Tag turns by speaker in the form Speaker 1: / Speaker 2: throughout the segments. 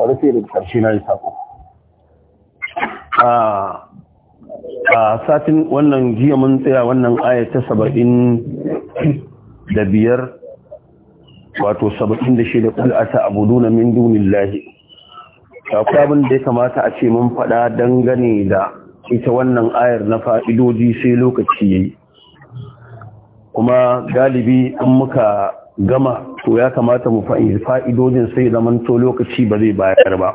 Speaker 1: bari sai da karshe na yi sako a satin wannan jiya mun tsaya wannan aya ta saba'in da biyar wato saba'in da shida kul a ta'abudu na min dunillahi akwai abin da ya kamata a ce mun faɗa dangane da ita wannan ayar na fa'idoji sai lokaci yayi kuma galibi in muka gama to ya kamata mu fa'in fa'idojin sai zaman to lokaci ba zai bayar ba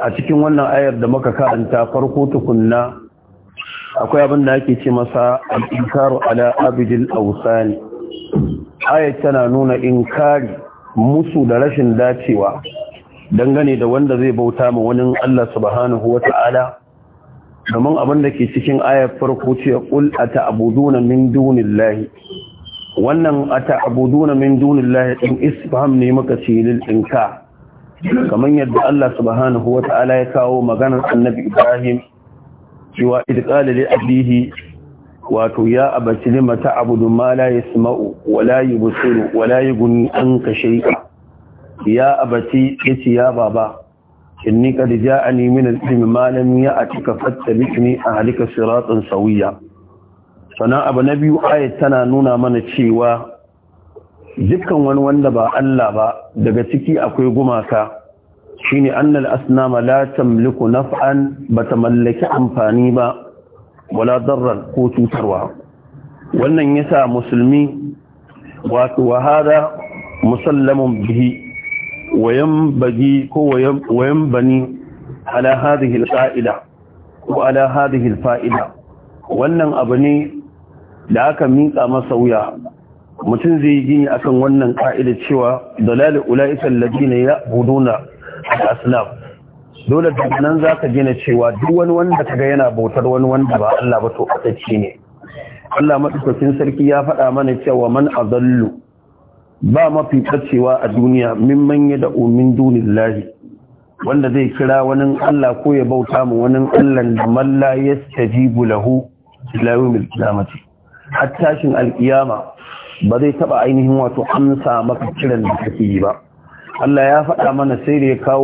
Speaker 1: a cikin wannan ayar da muka karanta farko tukunna akwai abin da ake ce masa al-inkaru ala abidil awsan ayar tana nuna inkari musu da rashin dacewa dangane da wanda zai bauta ma wani Allah subhanahu wata'ala domin abin da ke cikin ayar farko ce qul ata'buduna min dunillahi wannan ata'buduna min dunillahi in isfaham ne maka ce lil kamar yadda Allah subhanahu Ta'ala ya kawo maganar annabi Ibrahim cewa id li wato ya abati lima ta'budu ma la yasma'u wa la yubsiru wa la yughni anka shay'a ya abati yace ya baba inni qad ja'ani min al-ilmi ma lam ya'tika fattabi'ni ahlika siratan sawiyya sannan abu na biyu ayat tana nuna mana cewa dukkan wani wanda ba Allah ba daga ciki akwai gumaka shine annal asnama la tamliku naf'an bata mallaki amfani ba wala darran ko cutarwa wannan yasa musulmi wato wahada musallamun bihi wayan bagi ko wayan bani ala hadhihi alqa'ida ko ala hadhihi alfa'ida wannan abu ne da aka Minka masa wuya mutum zai yi gini akan wannan ka'ida cewa dalal ulaika alladina ya'buduna al-asnam dole daga nan zaka gina cewa duk wani wanda kaga yana bautar wani wanda ba Allah ba to fatacce ne Allah madaukakin sarki ya faɗa mana cewa man adallu ba mafi ɓacewa a duniya mimman ya da umin dunin wanda zai kira wani Allah ko ya bauta mu wani Allah da malla ya stajibu lahu ilayumil kiyamati har tashin alkiyama ba zai taba ainihin wato amsa maka kiran da kake yi ba Allah ya faɗa mana sai da ya kawo